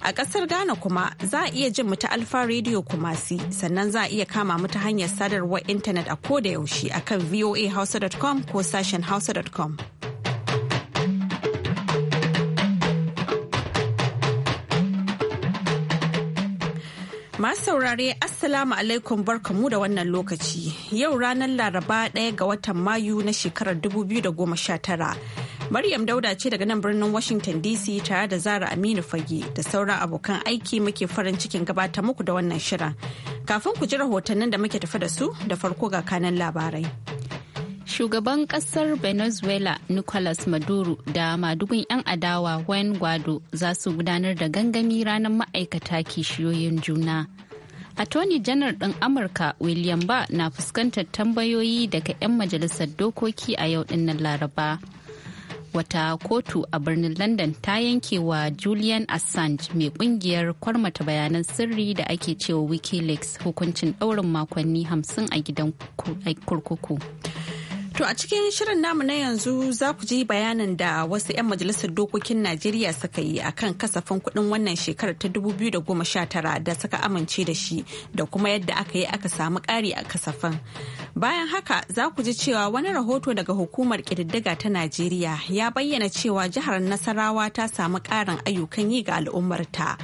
A ƙasar Ghana kuma za a iya jin mu ta Alfa Radio Kumasi sannan za a iya kama mu ta hanyar sadarwar intanet a ko da yaushe a akan voahausa.com ko sashen hausa.com. Masu saurare Assalamu alaikum barkamu da wannan lokaci. Yau ranar Laraba ɗaya ga watan Mayu na shekarar 2019. Maryam Dauda ce daga nan birnin Washington DC tare da Zara Aminu Fage da sauran abokan aiki muke farin cikin gabatar muku da wannan shirin. Kafin ku ji rahotannin da muke tafi da su da farko ga kanan labarai. Shugaban kasar Venezuela Nicolas Maduro da madugun 'yan adawa Juan Guaido za su gudanar da gangami ranar ma'aikata kishiyoyin juna. Attorney janar ɗin Amurka William Barr na fuskantar tambayoyi daga 'yan majalisar dokoki a yau ɗinnan Laraba. wata kotu a birnin london ta yanke wa julian assange mai kungiyar kwarmata bayanan sirri da ake cewa wikileaks hukuncin daurin makonni hamsin a gidan kurkuku To a cikin shirin namu na yanzu za ku ji bayanin da wasu 'yan majalisar dokokin Najeriya suka yi a kan kasafin kuɗin wannan shekarar ta 2019 da suka amince da shi da kuma yadda aka yi aka samu ƙari a kasafin. Bayan haka za ku ji cewa wani rahoto daga hukumar ƙididdiga ta Najeriya ya bayyana cewa jihar Nasarawa ta samu ƙarin ayyukan yi ga al'ummarta.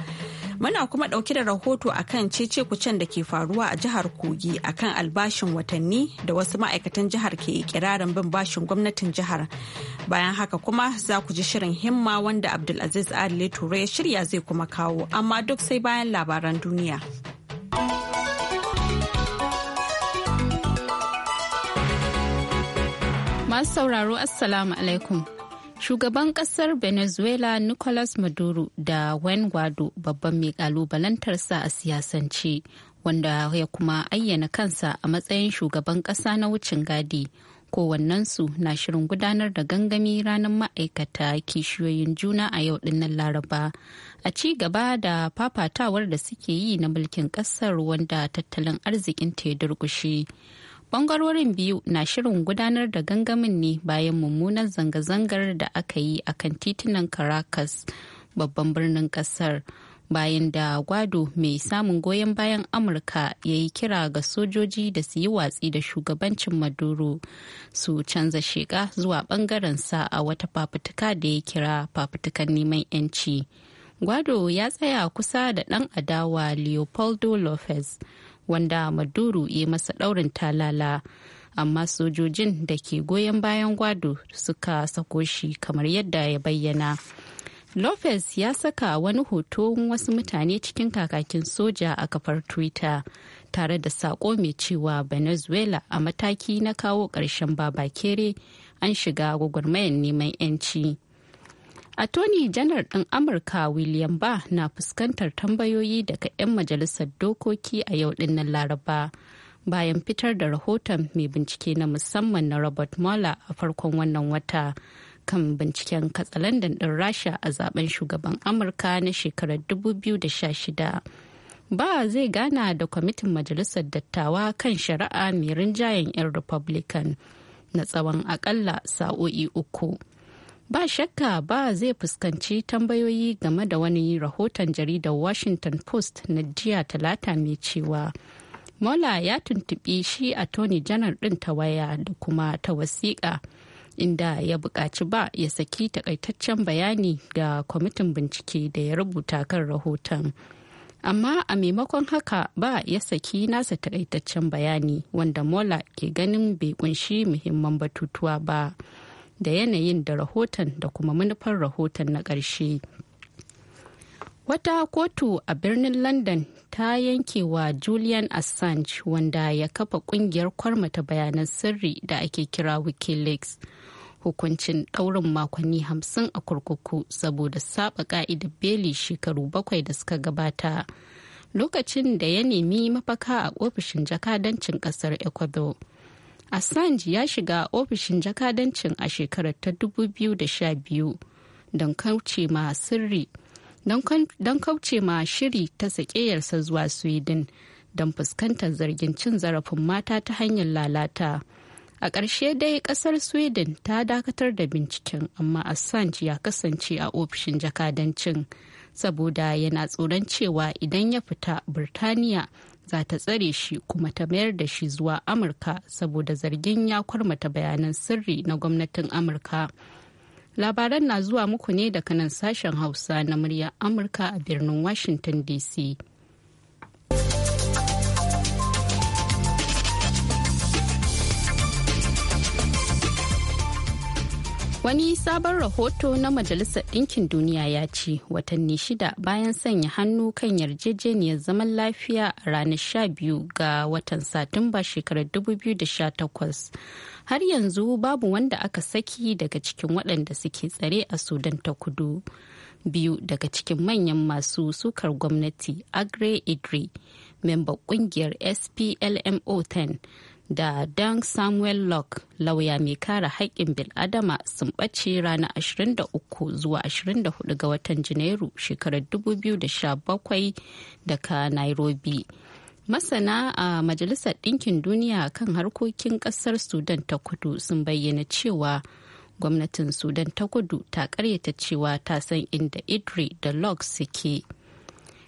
Muna kuma ɗauke da rahoto akan cece kucen da ke faruwa a jihar Kogi a kan albashin watanni da wasu ma'aikatan jihar ke ikirarin bin bashin gwamnatin jihar. Bayan haka kuma za ku ji shirin himma wanda Abdulaziz Adile Ture ya shirya zai kuma kawo amma duk sai bayan labaran duniya. Masu sauraro Assalamu alaikum. shugaban kasar venezuela nicolas maduro da wen guado babban mai kalubalantarsa a siyasance wanda ya kuma ayyana kansa a matsayin shugaban kasa na wucin gadi kowannensu na shirin gudanar da gangami ranar ma'aikata kishiyoyin juna a yau dinnan laraba a ci gaba da fafatawar da suke yi na mulkin kasar wanda tattalin arzikin ta durkushe. durƙushe bangarorin biyu na shirin gudanar da gangamin ne bayan mummunan zanga-zangar da aka yi a kan titunan caracas babban birnin kasar bayan da gwado mai samun goyon bayan amurka ya yi kira ga sojoji da su yi watsi da shugabancin maduro su canza sheka zuwa bangaren a wata fafutuka da ya kira fafutukan neman 'yanci gwado ya tsaya kusa da dan adawa leopoldo lopez wanda Maduru ya masa daurin talala amma sojojin da ke goyon bayan gwado suka sako shi kamar yadda ya bayyana lopez ya saka wani hoto wasu mutane cikin kakakin soja a kafar twitter tare da sako mai cewa venezuela a mataki na kawo ƙarshen babakere an shiga gwagwarmayar neman 'yanci a Tony janar ɗin Amurka William Ba na fuskantar tambayoyi daga 'yan majalisar dokoki a yau ɗinnan Laraba bayan fitar da rahoton mai bincike na musamman na Robert Mueller a farkon wannan wata kan binciken katsalandan ɗin Rasha a zaben shugaban Amurka na shekarar 2016. Ba zai gana da kwamitin majalisar dattawa kan shari'a mai rinjayen 'yan Republican na tsawon akalla sa'o'i uku. ba shakka ba zai fuskanci tambayoyi game da wani rahoton jaridar washington post na jiya talata mai cewa mola ya tuntuɓi shi a tony janar ɗin ta waya da kuma ta wasiƙa inda ya buƙaci ba ya saki takaitaccen bayani ga kwamitin bincike da ya rubuta kan rahoton amma a maimakon haka ba ya saki nasa takaitaccen bayani wanda mola ke ganin bai ƙunshi muhimman batutuwa ba. da yanayin da rahoton da kuma manufar rahoton na ƙarshe. Wata kotu a birnin London ta yanke wa Julian Assange wanda ya kafa kungiyar kwarmata bayanan sirri da ake kira Wikileaks. Hukuncin ɗaurin makonni hamsin a kurkuku saboda saba ka'idar beli shekaru bakwai da suka gabata. Lokacin da ya nemi mafaka a ofishin jakadancin ƙasar Ecuador. assange ya shiga ofishin jakadancin a shekarar ta 2012 don kauce ma sirri don kauce ma shiri ta sakeyarsa zuwa sweden don fuskantar zargin cin zarafin mata ta hanyar lalata a ƙarshe dai ƙasar sweden ta dakatar da binciken amma assange ya kasance a ofishin jakadancin saboda yana tsoron cewa idan ya fita birtaniya za ta tsare shi kuma ta mayar da shi zuwa amurka saboda zargin ya kwarmata bayanan sirri na gwamnatin amurka labaran na zuwa muku ne daga nan sashen hausa na murya amurka a birnin washington dc Wani sabon rahoto na Majalisar Ɗinkin Duniya ya ce watanni shida bayan sanya hannu kan yarjejeniyar zaman lafiya a ranar 12 ga watan Satumba shekarar 2018. Har yanzu babu wanda aka saki daga cikin waɗanda suke tsare a Sudan ta kudu. Biyu daga cikin manyan masu sukar gwamnati agri Idri, memba ƙungiyar SPLMO 10. da Dan Samuel Locke lauya mai kare haƙƙin bil'adama sun ɓace ranar 23 zuwa 24 ga watan Janairu shekarar 2017 daga Nairobi. Masana a Majalisar Ɗinkin Duniya kan harkokin ƙasar Sudan ta kudu sun bayyana cewa gwamnatin Sudan ta kudu ta ƙaryata cewa ta san inda Idri da Locke suke.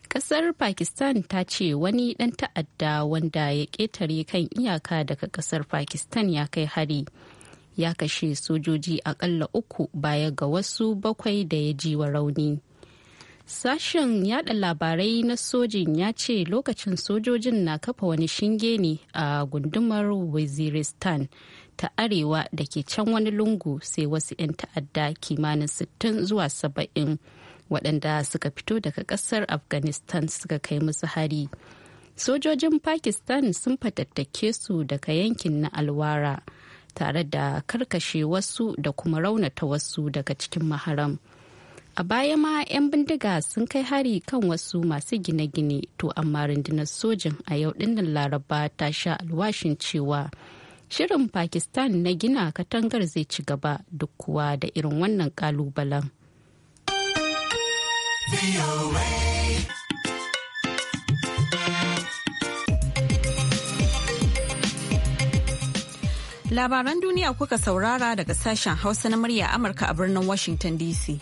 kasar pakistan ta ce wani dan ta'adda wanda ya ƙetare kan iyaka daga kasar pakistan ya kai hari ya kashe sojoji akalla uku baya ga wasu bakwai da ya ji wa rauni sashen yada labarai na sojin ya ce lokacin sojojin na kafa wani shinge ne a gundumar waziristan ta arewa da ke can wani lungu sai wasu 'yan ta'adda kimanin 60 zuwa 70 waɗanda suka fito daga ƙasar afghanistan suka kai musu hari sojojin pakistan sun fatattake su daga yankin na alwara tare da karkashe wasu da kuma raunata wasu daga cikin maharam a baya ma 'yan bindiga sun kai hari kan wasu masu gine-gine to amma rundunar sojin a yau dinnan laraba ta sha alwashin cewa shirin pakistan na gina katangar zai ci gaba duk kuwa da irin wannan kalubalen Labaran duniya kuka saurara daga sashen Hausa na murya Amurka a birnin Washington DC.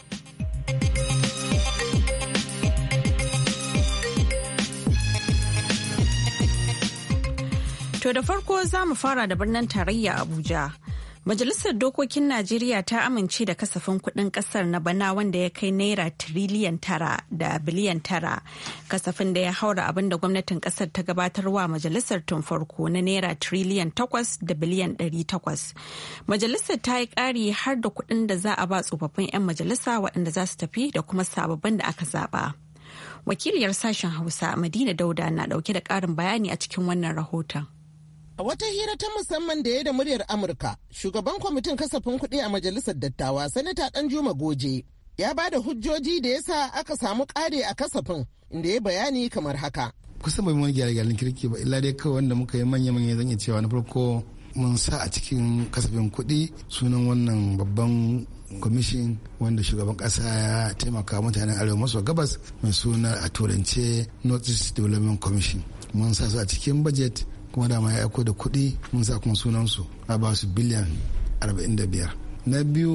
To da farko za mu fara da birnin tarayya Abuja. Majalisar Dokokin Najeriya ta amince da kasafin kuɗin ƙasar na bana wanda ya kai naira tiriliyan tara da biliyan tara. Kasafin da ya haura abin da gwamnatin ƙasar ta gabatarwa majalisar tun farko na naira tiriliyan takwas da biliyan ɗari takwas. Majalisar ta yi ƙari har da kuɗin da za a ba tsofaffin 'yan majalisa waɗanda za su tafi da kuma sababbin da aka zaba. Wakiliyar sashen Hausa Madina Dauda na ɗauke da ƙarin bayani a cikin wannan rahoton. A wata hira ta musamman da ya da muryar Amurka, shugaban kwamitin kasafin kuɗi a majalisar dattawa, Sanata juma Goje, ya ba da hujjoji da ya sa aka samu ƙare a kasafin inda ya bayani kamar haka. kusa bai wani gyare-gyaren kirki ba, illa dai kawai wanda muka yi manya-manya zan iya cewa na farko mun sa a cikin kasafin kuɗi sunan wannan babban kwamishin wanda shugaban kasa ya taimaka mutanen arewa maso gabas mai suna a turance notice development commission mun sa su a cikin budget kuma dama ya aiko da kuɗi mun sa kuma sunansu a ba su biliyan 45 na biyu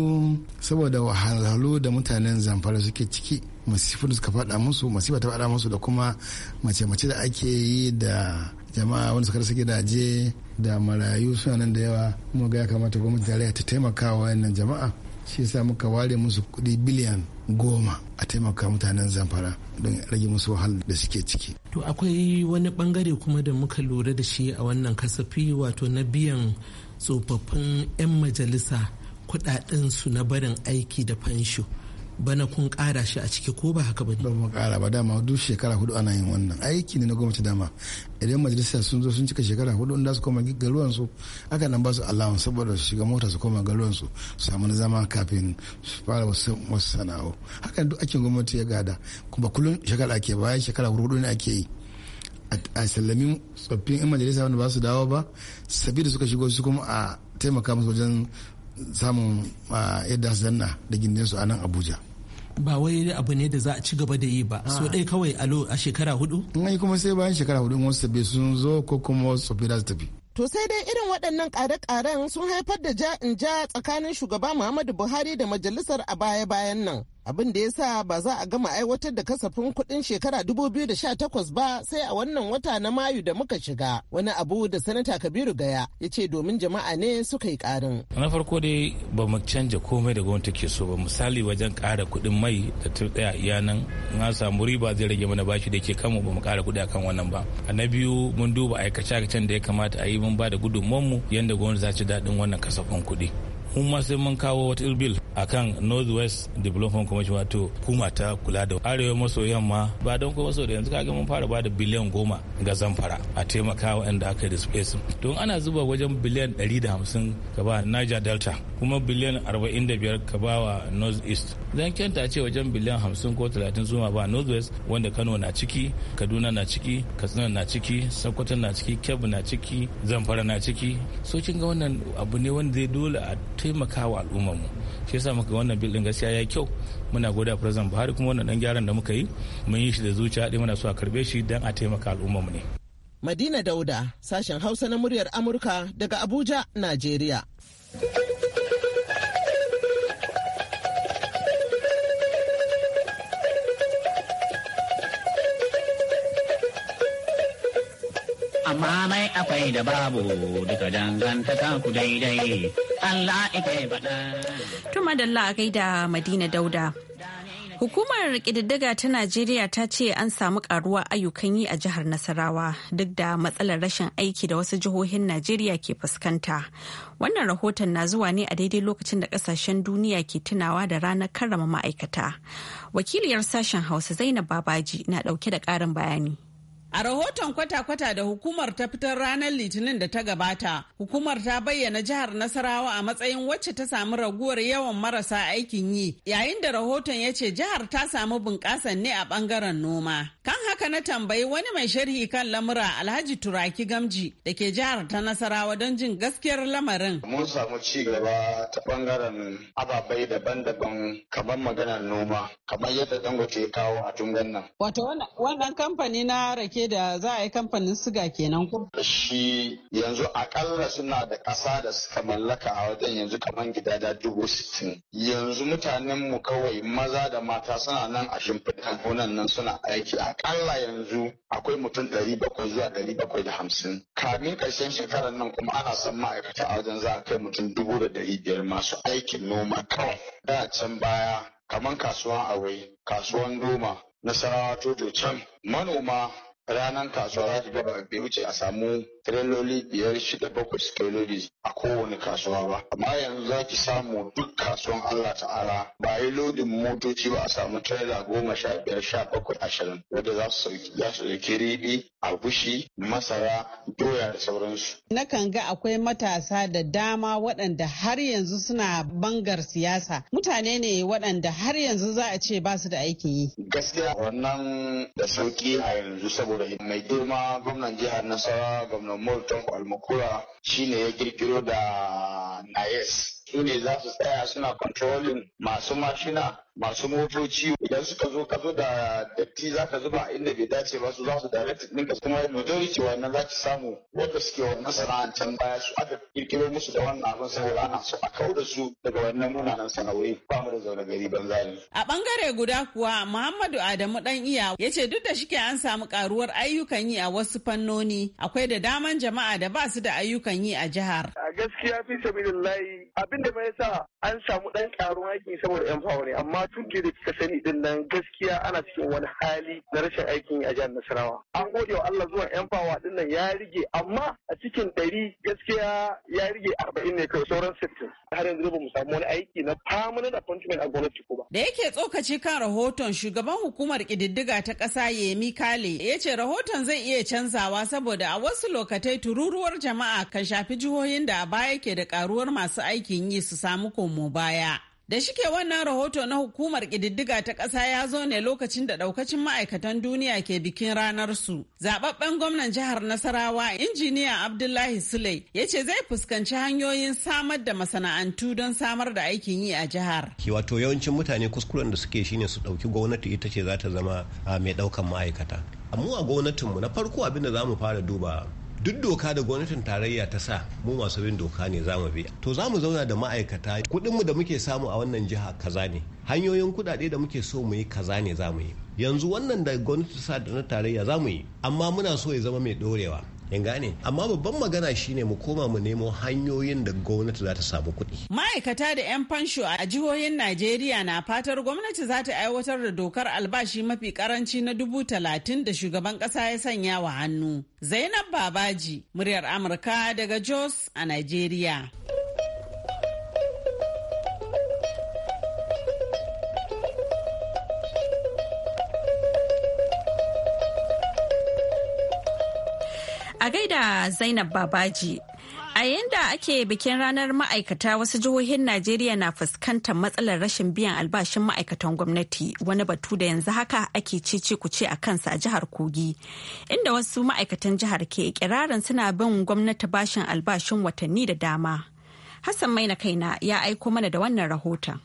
saboda wahalhalu da mutanen zamfara suke ciki masifin suka faɗa musu masifa ta faɗa musu da kuma mace-mace da ake yi da jama'a wanda suka rasa gidaje da marayu suna nan da yawa mu ga ya kamata gwamnati tarayya ta taimaka wa jama'a shi yasa muka ware musu kuɗi biliyan goma a taimaka mutanen zamfara don rage musu wahal da suke ciki. To akwai wani bangare kuma da muka lura da shi a wannan kasafi wato na biyan tsofaffin 'yan majalisa kudaden su na barin aiki da fansho. bana kun kara shi a ciki ko ba haka ba ne? Ba kara ba dama duk shekara hudu ana yin wannan aiki ne na gwamnati dama idan majalisa sun zo sun cika shekara hudu inda su koma garuwan su aka nan ba su alawan saboda su shiga mota su koma garuwan su su samu na zama kafin su fara wasu sana'o haka duk aikin gwamnati ya gada kuma kullum shekara ake bayan shekara hudu ne ake yi. a sallami tsoffin 'yan majalisa wanda ba su dawo ba sabi da suka shigo su kuma a taimaka musu wajen samun yadda su danna da gindinsu a nan abuja ba wai abu ne da za a ci gaba da yi ba ah. so dai kawai a shekara hudu mai kuma sai bayan shekara hudu wasu tafi sun zo ko kuma wasu tafi su tafi To sai dai irin waɗannan ƙare-ƙaren sun haifar da ja in ja tsakanin shugaba Muhammadu Buhari da majalisar a baya-bayan nan. abin da ya sa ba za a gama aiwatar da kasafin kuɗin shekara 2018 ba sai a wannan wata na mayu da muka shiga wani abu da sanata kabiru gaya ya ce domin jama'a ne suka yi karin. na farko dai ba mu canja komai da gwamnati ke so ba misali wajen ƙara kuɗin mai da ta tsaya iya nan an samu riba zai rage mana bashi da ke kanmu ba mu ƙara kuɗi akan wannan ba a na biyu mun duba aikace-aikacen da ya kamata a yi mun ba da mu yadda gwamnati za ci daɗin wannan kasafin kuɗi kun ma sai mun kawo wata bill akan northwest development commission wato kuma ta kula da arewa maso yamma ba don kuma maso da yanzu kaga mun fara bada biliyan goma ga zamfara a taimaka waɗanda aka yi displace don ana zuba wajen biliyan 150 ka ba niger delta kuma biliyan 45 ka ba wa north east zan kyanta ce wajen biliyan 50 ko 30 zuma ba northwest wanda kano na ciki kaduna na ciki katsina na ciki sokoto na ciki kebbi na ciki zamfara na ciki so kin ga wannan abu ne wanda zai dole a taimaka wa al'ummarmu shi yasa muka wannan bil din gaskiya ya kyau muna goda president buhari kuma wannan dan gyaran da muka yi mun yi shi da zuciya dai muna so a karbe shi dan a taimaka al'ummarmu ne madina dauda sashen hausa na muryar amurka daga abuja najeriya amma mai akwai da babu duka dangantaka ku daidai Allah Tuma da a gaida Madina Dauda. Hukumar ƙididdiga ta Najeriya ta ce an samu ƙaruwa ayyukan yi a jihar Nasarawa duk da matsalar rashin aiki da wasu jihohin Najeriya ke fuskanta. Wannan rahoton na zuwa ne a daidai lokacin da ƙasashen duniya ke tunawa da ranar karrama ma'aikata. Wakiliyar sashen Hausa Zainab Babaji na ɗauke da ƙarin bayani. A rahoton kwata-kwata da hukumar ta fitar ranar Litinin da ta gabata, hukumar ta bayyana jihar Nasarawa a matsayin wacce ta samu raguwar yawan marasa aikin yi, yayin da rahoton ya ce jihar ta samu bunƙasan ne a ɓangaren noma. Kan haka na tambayi wani mai sharhi kan lamura Alhaji Turaki Gamji da ke jihar ta Nasarawa don jin gaskiyar lamarin. Mun samu ci gaba ta bangaren ababai daban-daban kamar maganar noma, kamar yadda Dangote kawo a tungan nan. Wato wannan kamfani na rake da za a yi kamfanin siga kenan ku. Shi yanzu akalla suna da ƙasa da suka mallaka a wajen yanzu kamar da dubu sittin. Yanzu mutanenmu kawai maza da mata suna nan a shimfiɗan gonan nan suna aiki a akalla yanzu akwai mutum ɗari bakwai zuwa ɗari bakwai da hamsin kamin ƙarshen shekarar nan kuma ana son ma'aikata a wajen za a kai mutum dubu da ɗari biyar masu aikin noma kawai da can baya kamar kasuwan aure, kasuwan doma nasarawa tojo can manoma ranar kasuwa za ta gaba bai wuce a samu tireloli biyar shida bakwai suka a kowane kasuwa ba amma yanzu za ki samu duk kasuwan Allah ta'ala ba yi lodin motoci ba a samu tirela goma sha biyar sha bakwai ashirin wadda za su ɗauki riɗi agushi masara doya da sauransu. Nakan ga akwai matasa da dama waɗanda har yanzu suna bangar siyasa mutane ne waɗanda har yanzu za a ce ba su da aikin yi. Gaskiya wannan da sauki a yanzu saboda mai girma gwamnan jihar Nasarawa gwamnan Nomol Tanko Almakura shine ya kirkiro da NAES. Su ne za su tsaya suna controlling masu mashina masu motoci idan suka zo ka zo da datti za ka zuba inda bai dace ba su za su direct ɗinka kuma majority wannan za ki samu wanda suke wannan sana'ancan can baya su aka kirkiro musu da wannan abin saboda ana so a kawo da su daga wannan munanan sana'o'i ba mu da zaune gari banza ne. A bangare guda kuwa Muhammadu Adamu dan iya Yace duk da shike an samu karuwar ayyukan yi a wasu fannoni akwai da daman jama'a da ba su da ayyukan yi a jihar. A gaskiya fi sabilillahi abinda da bai sa an samu dan karuwar aiki saboda yan fawo ne amma tun ke da kika sani din nan gaskiya ana cikin wani hali na rashin aikin a jihar Nasarawa. An gode wa Allah zuwan yan fawa din nan ya rige amma a cikin ɗari gaskiya ya rige arba'in ne kawai sauran sittin. Har yanzu ba mu samu wani aiki na permanent appointment a gwamnati ko ba. Da yake tsokaci kan rahoton shugaban hukumar ƙididdiga ta ƙasa Yemi Kale ya ce rahoton zai iya canzawa saboda a wasu lokatai tururuwar jama'a kan shafi jihohin da a baya ke da karuwar masu aikin yi su samu komo baya. Da shike wannan rahoto na hukumar ƙididdiga ta ƙasa ya zo ne lokacin da ɗaukacin ma'aikatan duniya ke bikin ranar su. Zababben gwamnan jihar Nasarawa, injiniya Abdullahi Sule, ya ce zai fuskanci hanyoyin samar da masana'antu don samar da aikin yi a jihar. Wato yawancin mutane kuskuren da suke shine su ɗauki gwamnati ita ce za ta zama mai ɗaukan ma'aikata. mu a gwamnatinmu na farko abin da za mu fara duba duk doka da gwamnatin tarayya ta sa mu masu bin doka ne za mu bi to za mu zauna da ma'aikata kuɗinmu da muke samu a wannan jiha kaza ne hanyoyin kudade da muke so mu yi kaza ne za mu yi yanzu wannan da gwamnati ta sa da na tarayya za mu yi amma muna so ya zama mai ɗorewa in gane amma babban magana shine mu koma mu nemo hanyoyin da gwamnati za ta samu kuɗi ma'aikata da 'yan fansho a jihohin najeriya na fatar gwamnati za ta aiwatar da dokar albashi mafi karanci na dubu talatin da shugaban ƙasa ya sanya wa hannu zainab babaji muryar amurka daga jos a najeriya A gaida Zainab Babaji. A da ake bikin ranar ma'aikata wasu jihohin Najeriya na fuskantar matsalar rashin biyan albashin ma'aikatan gwamnati wani batu da yanzu haka ake cece ce a kansa a jihar Kogi. Inda wasu ma'aikatan jihar ke kirarin suna bin gwamnati bashin albashin watanni da dama. Hassan mai Maina kaina ya aiko mana da wannan rahoton.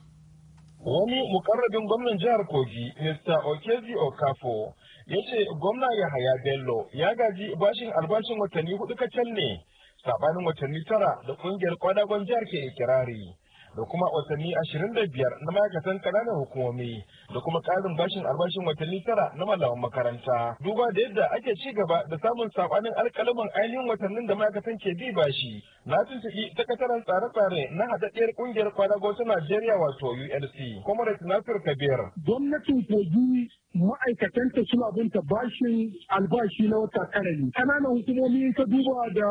Wani mukarrabin gwamnan jihar Kogi, Mr. Okeji Okafo, ya ce gwamna yahaya bello ya gaji bashin albashin watanni hudu kacal ne sabanin watanni tara da kungiyar kwadagon jihar ke ikirari da kuma watanni ashirin da biyar na ma'aikatan ƙananan hukumomi da kuma ƙarin bashin albashin watanni tara na malaman makaranta duba da yadda ake ci gaba da samun sabanin alƙalaman ainihin watannin da ma'aikatan ke bi bashi na tuntuɓi sakataren tsare-tsare na haɗaɗɗiyar ƙungiyar kwadago ta najeriya wato unc comrade nasir kabir gwamnatin kogi ma'aikatanta suna binta bashin albashi na wata tara ne kananan hukumomi ta duba da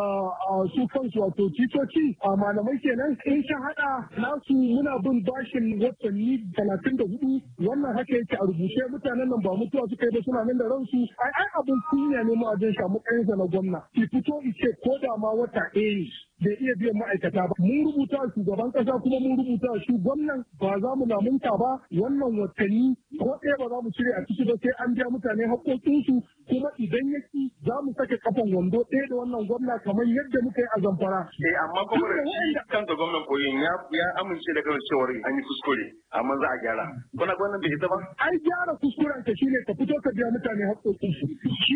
su kansu wato titoci a malamai kenan in sha hada nasu muna bin bashin watanni talatin da hudu wannan haka yake a rubuce mutanen nan ba mutuwa suka yi ba suna nan da ransu ai ai abin kunya ne ma a jin yanzu na gwamna ki fito ice ko da ma wata ɗaya bai iya biyan ma'aikata ba mun rubuta shugaban kasa kuma mun rubuta shi gwamnan ba za mu lamunta ba wannan watanni ko ɗaya ba za mu cire a ciki ba sai an biya mutane haƙƙoƙinsu kuma idan ya ci za mu sake kafan wando ɗaya da wannan gwamna kamar yadda muka yi a zamfara. eh amma gwamnati kansa gwamnan koyin ya amince da kan cewar an yi kuskure amma za a gyara kuna gwamnan bai ta ba. ai gyara kuskuren ka shine ka fito ka biya mutane haƙƙoƙinsu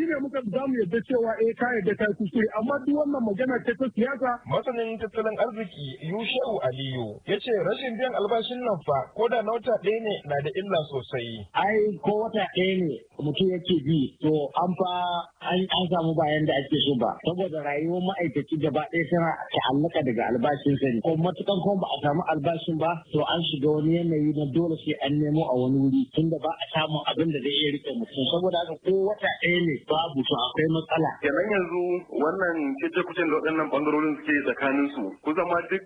ne muka za mu yarda cewa eh ka yarda ka kuskure amma duk wannan magana ce ta siyasa masanin tattalin arziki yushau aliyu ya ce rashin biyan albashin nan fa ko da na wata ɗaya ne na da illa sosai ai ko wata ɗaya ne mutum ya ce bi to an fa an samu bayan da ake so ba saboda rayuwar ma'aikaci da gaba ɗaya suna ta'allaka daga sa ne ko matukan kuma ba a samu albashin ba to an shiga wani yanayi na dole sai an nemo a wani wuri tunda ba a samun abin da zai iya rike mutum saboda haka ko wata ɗaya ne babu to akwai matsala. kenan yanzu wannan cece kucin da waɗannan ɓangarorin suke tsakanin su kusan ma duk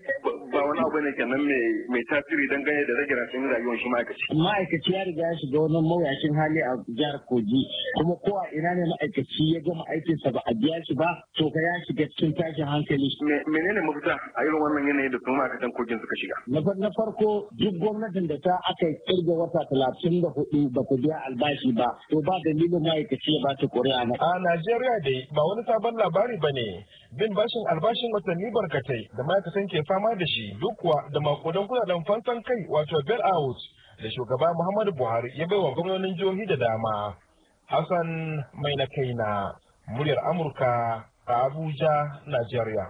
ba wani abu ne kenan mai tasiri dangane da rage rashin rayuwar shi ma'aikaci. ma'aikaci ya riga ya shiga wani mawuyacin hali a jihar kogi kuma kowa a ina ne ma'aikaci ya gama aikinsa ba a biya shi ba to ka ya shiga cikin tashin hankali. menene mafita a irin wannan yanayi da kuma ma'aikatan kogin suka shiga. na farko duk gwamnatin da ta aka kirga wata talatin da hudu ba ku biya albashi ba to ba dalilin ma'aikaci ya ba ta kuri'a na. a najeriya dai ba wani sabon labari ba ne bin bashin albashin watanni barkatai da ma'aikatan ke fama da shi duk kuwa da makudan kudaden fansan kai wato bel out da shugaba Muhammadu Buhari ya baiwa gwamnonin jihohi da dama. Hassan mai na kaina muryar Amurka a Abuja, Najeriya.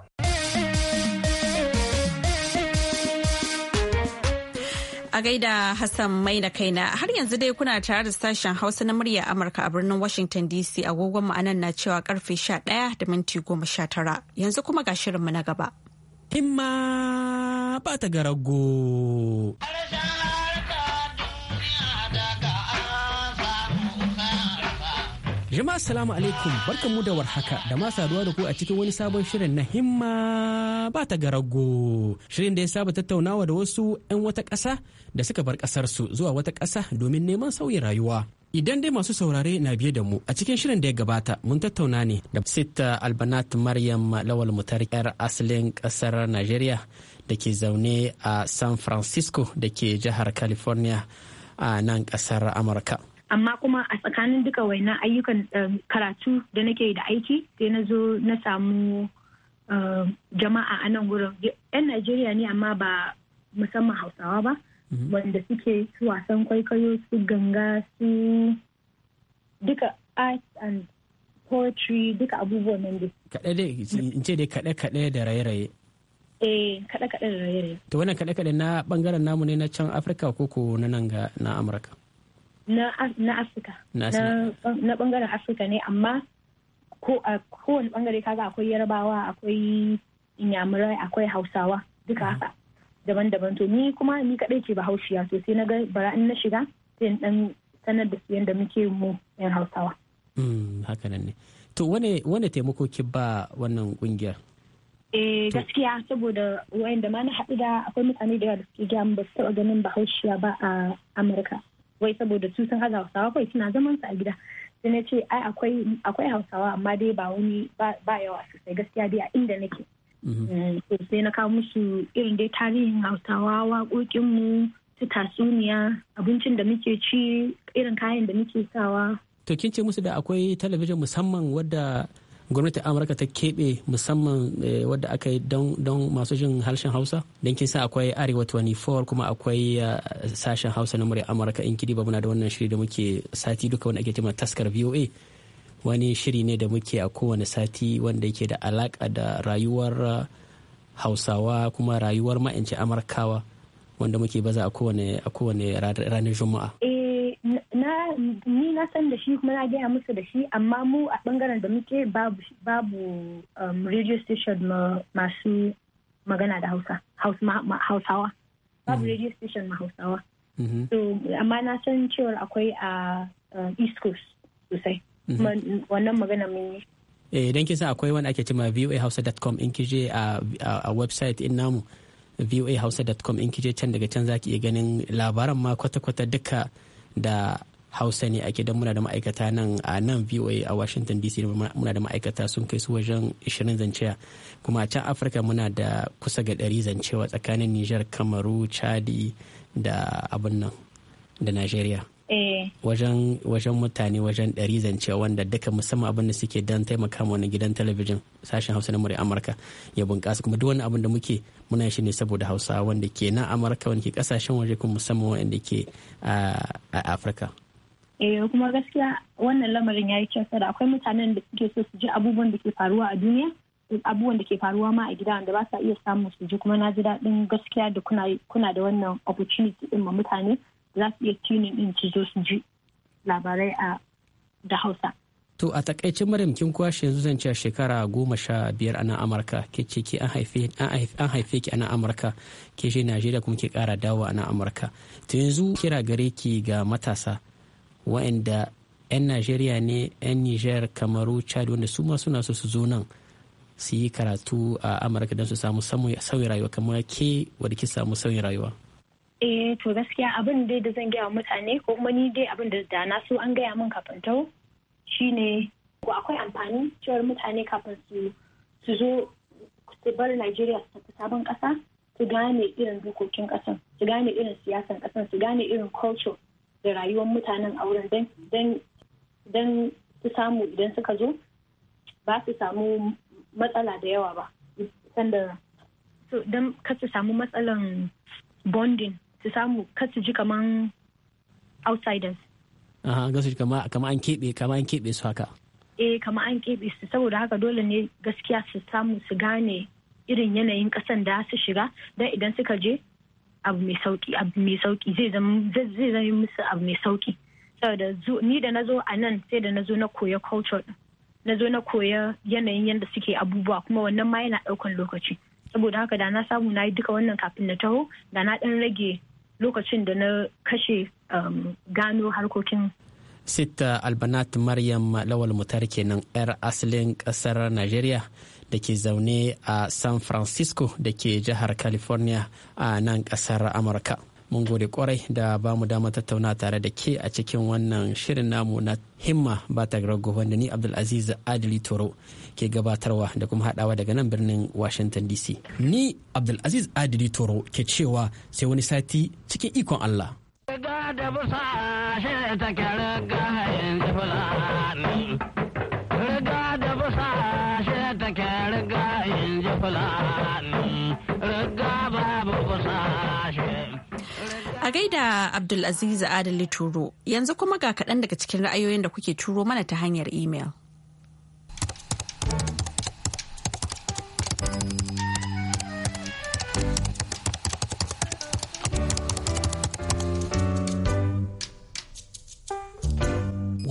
a gaida Hassan mai na kaina har yanzu dai kuna tare da sashen Hausa na murya Amurka a birnin Washington DC agogon mu anan na cewa karfe sha 11 da minti goma sha tara yanzu kuma ga shirinmu na gaba. Himma ba ta garago. Jama'a salamu alaikum barkanmu da warhaka da ma saduwa da ku a cikin wani sabon shirin na himma ba ta garago. Shirin da ya saba tattaunawa da wasu 'yan wata ƙasa da suka bar ƙasarsu zuwa wata ƙasa domin neman sauyin rayuwa. Idan dai masu saurare na biye da mu a cikin shirin da ya gabata mun tattauna ne da Sita Albanat Maryam Lawal Mutar 'yar asalin ƙasar Najeriya da ke zaune a San Francisco da ke jihar California a nan ƙasar Amurka. amma kuma a tsakanin duka wainan ayyukan um, karatu da nake da aiki sai na zo na samu um, jama'a a nan wurin yan najeriya ne amma ba musamman hausawa ba mhm. wanda suke su wasan kwaikwayo su ganga su duka art and poetry duka abubuwan nan dai kaɗe in ce dai kaɗe-kaɗe da raye-raye eh kaɗe-kaɗe da raye-raye to wannan kaɗe-kaɗe na bangaren namu ne na can afirka ko ko na nan ga na amurka na afirka na bangaren afirka ne amma ko a kowane bangare kaga akwai yarbawa akwai inyamurai akwai hausawa duka haka daban-daban to ni kuma ni kadai ce bahaushiya to sai na bara in na shiga sai in dan sanar da su yadda muke mu yan hausawa mm, haka ne to wane taimako ki ba wannan kungiyar eh gaskiya saboda wayan da ma na haɗu da akwai mutane da yawa da suke gyamu ba su taɓa ganin bahaushiya ba a amurka wai saboda su sun haza hausawa kawai suna zaman su a gida sai na ce ai akwai hausawa amma dai ba wani ba yawa sosai gaskiya dai a inda nake mhm. eh, sai na kawo musu irin dai tarihin hausawa waƙoƙin mu su tatsuniya abincin da muke ci irin kayan da muke sawa to kin ce musu da akwai talabijin musamman wadda gwamnatin amurka ta keɓe musamman eh, wadda aka yi don masu jin harshen hausa don kin sa akwai arewa 24 kuma akwai eh, sashen hausa na murya amurka in kidi ba muna da wannan shiri da muke sati duka wani ake cewa taskar voa wani shiri ne da muke a kowane sati wanda yake da alaka da rayuwar eh, hausawa kuma rayuwar ma'anci amurkawa wanda muke baza a kowane ranar juma'a. na san da shi kuma na gaya musu da shi amma mu a bangaren da muke babu um, radio station masu magana da hausa hausawa babu mm-hmm. radio station ma hausawa mm-hmm. so amma na san cewar akwai a um, east coast sosai mm-hmm. wannan magana mun yi eh don kisa akwai wani ake cima voahausa.com in kije a website in namu voahausa.com in kije can daga can zaki iya ganin labaran ma kwata-kwata duka da hausa ne a gidan muna da ma'aikata nan a nan voa a washington dc muna da ma'aikata sun kai su wajen 20 zancewa kuma a can afirka muna da kusa ga 100 zancewa tsakanin niger kamaru chadi da abin nan da nigeria eh. wajen mutane wajen ɗari zancewa wanda duka musamman abin da suke don taimaka wani gidan talabijin sashen hausa na murya amurka ya bunkasa kuma duk wani abin da muke muna shi ne saboda hausa wanda ke na amurka wanda ke kasashen waje kuma musamman wanda ke a afirka eh kuma gaskiya wannan lamarin ya yi kyau da akwai mutanen da suke so su ji abubuwan da ke faruwa a duniya abubuwan da ke faruwa ma a gida wanda ba sa iya samu su ji kuma na ji daɗin gaskiya da kuna da wannan opportunity din ma mutane za su iya tuning in su zo su ji labarai a da hausa to a takaicin maryam kin kwashe yanzu zan shekara goma sha biyar a nan amurka ke ce ki an haife ki a nan amurka ke shi najeriya kuma ke kara dawo a nan amurka to yanzu kira gare ki ga matasa waɗanda 'yan najeriya ne 'yan niger kamaru chad wanda su ma suna so su zo nan su yi karatu a amurka don su samu sauyin rayuwa kamar ke wadda ki samu sauyin rayuwa eh to gaskiya abin dai da zan gaya mutane ko kuma ni dai abin da da na so an gaya min kafin tau shine ko akwai amfani cewar mutane kafin su su zo su bar Najeriya su tafi sabon kasa su gane irin dokokin kasan su gane irin siyasan kasan su gane irin culture da rayuwar mutanen auren don su samu idan suka zo ba su samu matsala da yawa ba sanda don ka su samu matsalan bonding su samu ka su ji kaman outsiders aha ga su kama kama an keɓe kama an keɓe su haka eh kama an keɓe su saboda haka dole ne gaskiya su samu su gane irin yanayin ƙasan da su shiga don idan suka je abu mai sauki abu mai sauki zai zama musu abu mai sauki saboda ni da na a nan sai da na na koya culture na zo na koya yanayin yadda suke abubuwa kuma wannan ma yana ɗaukan lokaci saboda haka da na samu na yi duka wannan kafin na taho da na ɗan rage lokacin da na kashe um, gano harkokin sita uh, albanat maryam lawal mutar kenan 'yar asalin ƙasar najeriya da ke zaune a san francisco da ke jihar california a nan ƙasar amurka mun gode kwarai da ba mu dama tattauna tare da ke a cikin wannan shirin namu na himma ba ta rago wanda ni abdulaziz adili toro ke gabatarwa da kuma hadawa daga nan birnin washington dc ni abdulaziz adili toro ke cewa sai wani sati cikin ikon allah da A gaida Abdulaziz Adali Turo, yanzu kuma ga kaɗan daga cikin ra'ayoyin da kuke turo mana ta hanyar imel.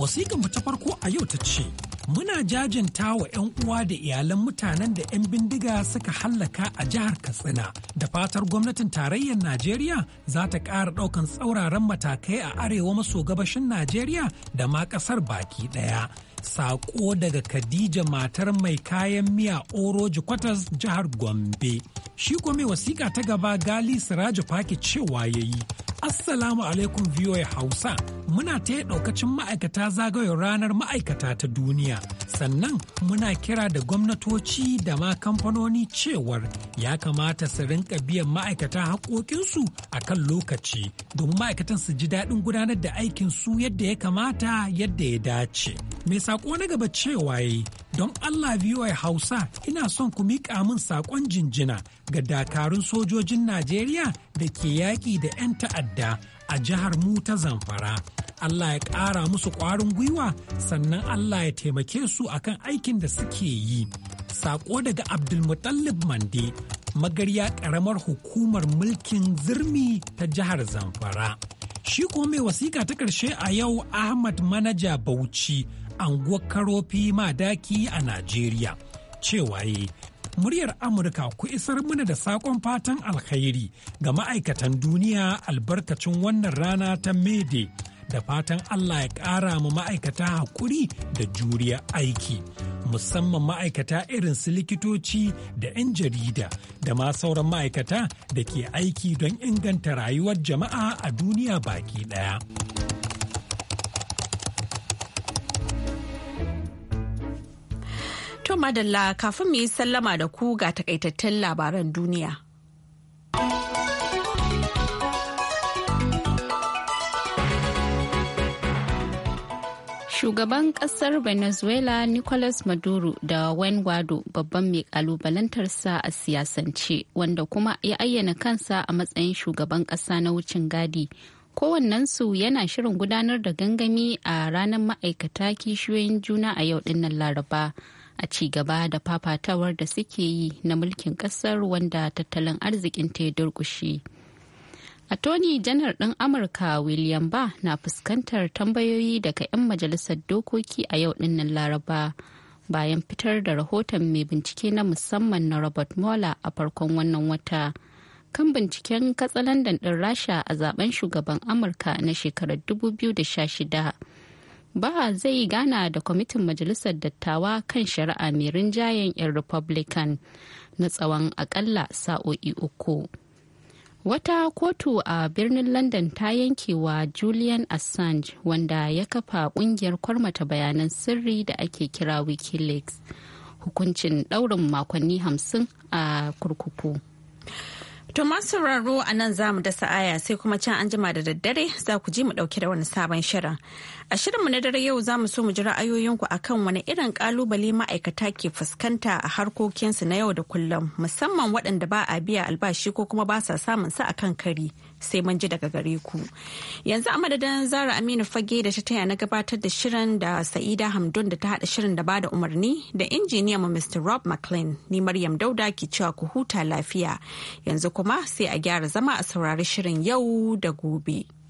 mu ta farko a yau ta ce, Muna jajanta wa 'yan uwa da iyalan mutanen da 'yan bindiga suka hallaka a jihar Katsina da fatar gwamnatin tarayyar Najeriya za ta ƙara ɗaukan tsauraran matakai a arewa maso gabashin Najeriya da ma ƙasar baki ɗaya. Saƙo daga Khadija matar mai kayan miya Oroji Kwatas jihar Gombe. Shi kuma mai wasiƙa ta gaba Gali Siraju Faki cewa ya yi. Assalamu alaikum VOA Hausa muna ta ɗaukacin ma'aikata zagayen ranar ma'aikata ta duniya sannan muna kira da gwamnatoci da ma kamfanoni cewar ya kamata su rinka biyan ma'aikata haƙoƙinsu a kan lokaci domin ma'aikatan su ji daɗin gudanar da aikin su yadda ya kamata yadda ya dace. Mai saƙo na gaba cewa yi don Allah VOA Hausa ina son ku miƙa min saƙon jinjina ga dakarun sojojin Najeriya da ke yaƙi da 'yan ta'adda ta'adda a jihar mu ta zamfara Allah ya ƙara musu ƙwarin gwiwa sannan Allah ya taimake su akan aikin da suke yi. Sako daga Abdulmutallib Mande, magarya ƙaramar hukumar mulkin zirmi ta jihar Zamfara. Shi kuma mai wasiƙa ta ƙarshe a yau Ahmad Manaja Bauchi, anguwar Karofi Madaki a Najeriya. Cewa muryar Amurka ku isar mana da saƙon fatan alkhairi ga ma'aikatan duniya albarkacin wannan rana ta Mede da fatan Allah ya ƙara mu ma'aikata haƙuri da juriya aiki. Musamman ma'aikata irin su likitoci da 'yan jarida da ma sauran ma'aikata da ke aiki don inganta rayuwar jama'a a duniya baki ɗaya. To madalla kafin mu yi sallama da ku ga takaitattun labaran duniya. Shugaban kasar Venezuela Nicolas Maduro da Juan Guaido babban mai kalubalantarsa a siyasance wanda kuma ya ayyana kansa a matsayin shugaban kasa na wucin gadi. su yana shirin gudanar da gangami a ranar ma'aikata kishiyoyin juna a yau dinnan Laraba. a ci gaba da fafatawar da suke yi na mulkin kasar wanda tattalin arzikin ta ya a tony janar ɗin Amurka William ba na fuskantar tambayoyi daga 'yan majalisar dokoki a yau ɗinnan Laraba bayan fitar da rahoton mai bincike na musamman na Robert Mueller a farkon wannan wata kan binciken katsalandan ɗin Rasha a zaben shugaban Amurka na shekarar 2016. ba zai gana da kwamitin majalisar dattawa kan shari'a mai rinjayen 'yan republican na tsawon akalla sa'o'i uku wata kotu a birnin london ta yanke wa julian assange wanda ya kafa kungiyar kwarmata bayanan sirri da ake kira wikileaks hukuncin daurin makonni hamsin a kurkuku To masu sauraro a nan za mu dasa aya sai kuma can an jima da daddare za ku ji mu dauke da wani sabon shirin. A shirinmu na dare yau za mu so mu ji ra'ayoyinku kan wani irin kalubale ma'aikata ke fuskanta a harkokinsu na yau da kullum musamman waɗanda ba a biya albashi ko kuma ba sa samun su kan kari. sai mun ji daga gare ku. Yanzu a madadin Zara Aminu Fage da ta taya na gabatar da shirin da Sa'ida Hamdun da ta hada shirin da bada umarni da injiniya mu Mr. Rob McLean ni Maryam Dauda ki cewa ku huta lafiya. Yanzu kuma sai a gyara zama a saurari shirin yau da gobe.